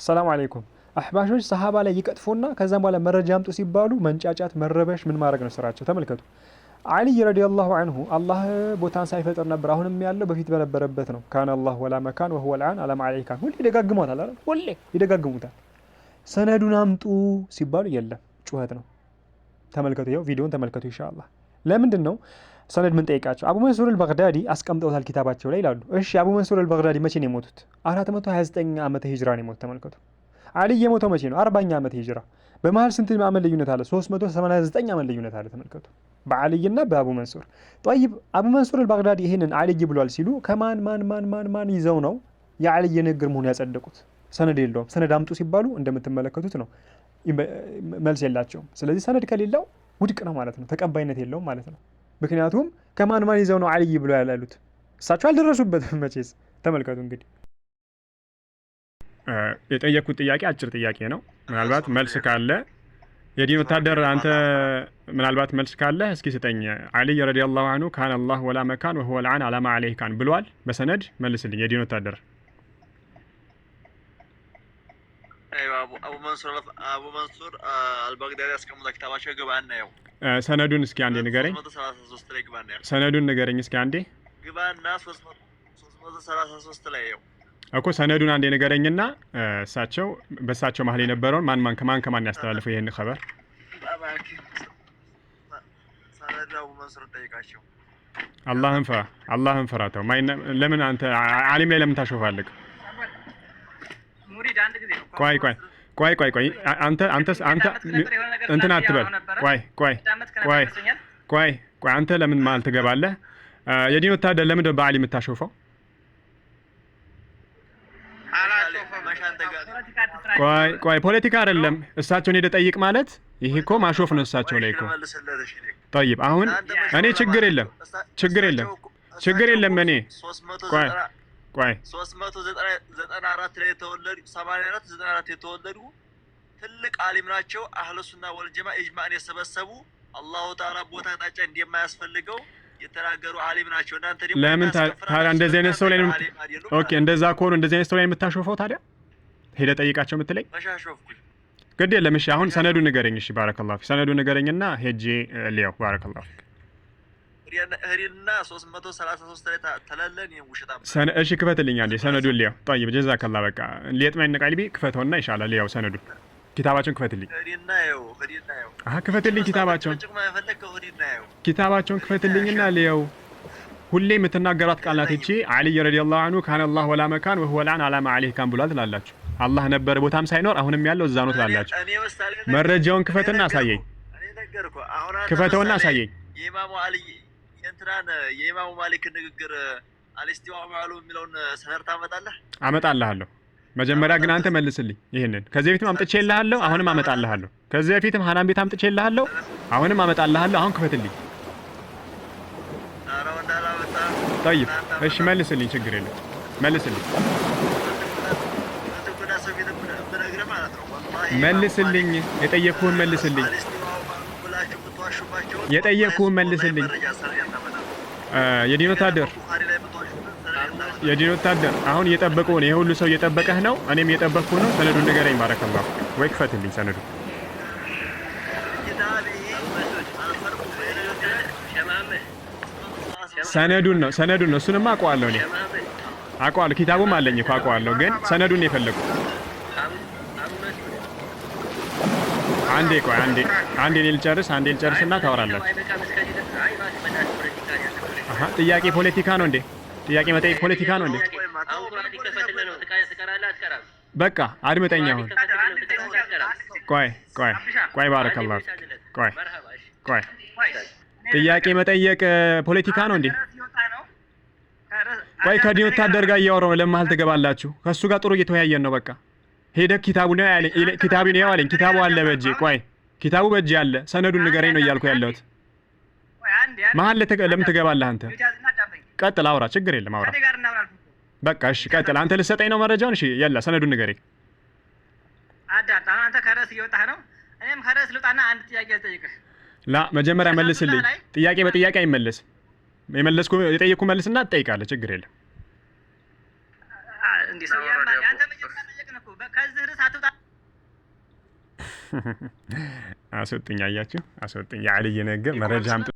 አሰላሙ አለይኩም። አህባሾች ሰሃባ ላይ ይቀጥፉና ከዛም በኋላ መረጃ አምጡ ሲባሉ መንጫጫት፣ መረበሽ፣ ምን ማድረግ ነው ስራቸው። ተመልከቱ። አልይ ረዲየላሁ አንሁ አላህ ቦታን ሳይፈጥር ነበር፣ አሁንም ያለው በፊት በነበረበት ነው። ካን አላህ ወላ መካን ወሁወ ልአን አላም አለይካን ሁሌ ይደጋግሟታል አይደል? ሁሌ ይደጋግሙታል። ሰነዱን አምጡ ሲባሉ የለም፣ ጩኸት ነው። ተመልከቱ፣ ይኸው ቪዲዮን ተመልከቱ። ኢንሻአላህ ለምንድን ነው ሰነድ ምን ጠይቃቸው አቡ መንሱር አልበግዳዲ አስቀምጠውታል ኪታባቸው ላይ ይላሉ። እሺ አቡ መንሱር አልበግዳዲ መቼ ነው የሞቱት? 429 ዓመተ ሂጅራ ነው የሞቱት። ተመልከቱ። አሊ የሞተው መቼ ነው? 40 ዓመተ ሂጅራ። በመሀል ስንት ዓመት ልዩነት አለ? 389 ዓመት ልዩነት አለ። ተመልከቱ በአልይና በአቡ መንሱር ጠይብ። አቡ መንሱር አልበግዳዲ ይህንን አልይ ብሏል ሲሉ ከማን ማን ማን ማን ማን ይዘው ነው የአልይ ንግግር መሆኑ ያጸደቁት? ሰነድ የለውም። ሰነድ አምጡ ሲባሉ እንደምትመለከቱት ነው መልስ የላቸውም። ስለዚህ ሰነድ ከሌለው ውድቅ ነው ማለት ነው፣ ተቀባይነት የለውም ማለት ነው። ምክንያቱም ከማን ማን ይዘው ነው አልይ ብሎ ያላሉት? እሳቸው አልደረሱበትም መቼስ። ተመልከቱ እንግዲህ የጠየቅኩት ጥያቄ አጭር ጥያቄ ነው። ምናልባት መልስ ካለ የዲን ወታደር አንተ ምናልባት መልስ ካለ እስኪ ስጠኝ። አልይ ረዲየላሁ አንሁ ካን አላህ ወላ መካን ወሁወ ልዓን አላማ አለይህ ካን ብሏል። በሰነድ መልስልኝ የዲን ወታደር። አቡ መንሱር አልባግዳዲ አስቀምጧ ኪታባቸው ግባ እናየው ሰነዱን እስኪ አንዴ ንገረኝ። ሰነዱን ንገረኝ እስኪ አንዴ ግባና ላይ እኮ ሰነዱን አንዴ ንገረኝና እሳቸው በእሳቸው መሀል የነበረውን ማን ማን ከማን ከማን ያስተላልፈው ይህን ኸበር አላህን ፍራ፣ አላህን ፍራ። ተው ለምን አንተ ዓሊም ላይ ለምን ታሾፋለህ? ቆይ ቆይ ቆይ ቆይ ቆይ አንተ አንተስ አንተ እንትን አትበል። ቆይ ቆይ ቆይ ቆይ ቆይ አንተ ለምን መሀል ትገባለህ? የዲን ወታደር ለምን በዓል የምታሾፈው? ቆይ ቆይ ፖለቲካ አይደለም። እሳቸውን ሄደህ ጠይቅ ማለት ይሄ እኮ ማሾፍ ነው። እሳቸው ላይ እኮ ጠይብ። አሁን እኔ ችግር የለም ችግር የለም ችግር የለም እኔ ቆይ ቆይ 394 ላይ የተወለዱ 84 94 የተወለዱ ትልቅ አሊም ናቸው። አህለሱና ወልጀማ ኢጅማዕን የሰበሰቡ አላሁ ተዓላ ቦታ አቅጣጫ እንደማያስፈልገው የተናገሩ አሊም ናቸው። እናንተ ደግሞ ለምን ታዲያ እንደዚህ አይነት ሰው ላይ ኦኬ፣ እንደዛ ከሆኑ እንደዚህ አይነት ሰው ላይ የምታሾፈው ታዲያ ሄደህ ጠይቃቸው የምትለኝ መሻሾፍኩኝ ግድ የለም። እሺ አሁን ሰነዱ ንገረኝ። እሺ ባረከላሁ ፊክ ሰነዱ ንገረኝና ሄጄ ሊያው ባረከላሁ ፊክ ህሪና ሶስት መቶ ሰላሳ ሶስት ላይ ተለለን ይህን ውሸታ እሺ፣ ክፈትልኝ አንዴ ሰነዱን ሊያው። ጠይብ ጀዛከላ በቃ ሊየጥማ ሊጥመን ቃልቢ ክፈተውና ይሻላል። ያው ሰነዱ ኪታባቸውን ክፈትልኝ። ክፈትልኝ ኪታባቸውን ኪታባቸውን ክፈትልኝና ሊያው ሁሌ የምትናገራት ቃል ናት ይቺ። አልይ ረዲየላሁ አንሁ ካነ አላህ ወላ መካን ወሁወ ልአን አላማ አለህ ካን ብሏል ትላላችሁ። አላህ ነበር ቦታም ሳይኖር አሁንም ያለው እዛ ነው ትላላችሁ። መረጃውን ክፈትና አሳየኝ። ክፈተውና አሳየኝ። የእንትናን የኢማሙ ማሊክ ንግግር አልስቲዋ ማሉ የሚለውን ሰፈር ታመጣለህ? አመጣልሃለሁ። መጀመሪያ ግን አንተ መልስልኝ ይህንን። ከዚህ በፊትም አምጥቼ አምጥቼልሃለሁ፣ አሁንም አመጣልሃለሁ። ከዚህ በፊትም ሀናን ቤት አምጥቼ አምጥቼልሃለሁ፣ አሁንም አመጣልሃለሁ። አሁን ክፈትልኝ። ጠይብ፣ እሺ መልስልኝ። ችግር የለም መልስልኝ፣ መልስልኝ። የጠየቅኩህን መልስልኝ፣ የጠየቅኩህን መልስልኝ። የዲን ወታደር የዲን ወታደር አሁን እየጠበቁህ ነው። የሁሉ ሰው እየጠበቀህ ነው። እኔም እየጠበቅኩ ነው። ሰነዱ ንገረኝ። ባረከላ ወይ ክፈትልኝ ሰነዱ ሰነዱን ነው ሰነዱን ነው። እሱንማ አውቀዋለሁ እኔ አውቀዋለሁ። ኪታቡም አለኝ እኮ አውቀዋለሁ፣ ግን ሰነዱን ነው የፈለኩት። አንዴ ቆይ አንዴ አንዴ ልጨርስ አንዴ ልጨርስና ታወራላችሁ። ጥያቄ ፖለቲካ ነው እንዴ? ጥያቄ መጠየቅ ፖለቲካ ነው እንዴ? በቃ አድምጠኝ። አሁን ቆይ ቆይ ቆይ ባረከላ ቆይ ቆይ ጥያቄ መጠየቅ ፖለቲካ ነው እንዴ? ቆይ ከዲን ወታደር ጋር እያወራሁ ነው። ለመሀል ትገባላችሁ። ከእሱ ጋር ጥሩ እየተወያየን ነው። በቃ ሄደ ኪታቡ ነው ያለኝ፣ ኪታቡ ነው ያለኝ። ኪታቡ አለ በጄ። ቆይ ኪታቡ በጄ አለ። ሰነዱን ንገረኝ ነው እያልኩ ያለሁት መሀል ለምን ትገባለህ አንተ? ቀጥል፣ አውራ፣ ችግር የለም አውራ። በቃ እሺ፣ ቀጥል። አንተ ልሰጠኝ ነው መረጃውን? እሺ፣ የላ ሰነዱን ንገረኝ። አዳምጥ። አንተ ከርዕስ እየወጣህ ነው፣ እኔም ከርዕስ ልውጣና አንድ ጥያቄ ልጠይቅህ። ላ መጀመሪያ መልስልኝ። ጥያቄ በጥያቄ አይመለስ። የመለስኩ የጠየቅኩ መልስና ትጠይቃለህ። ችግር የለም። አስወጥኝ፣ አያችሁ፣ አስወጥኝ። የአልይ ነገር መረጃ አምጡ።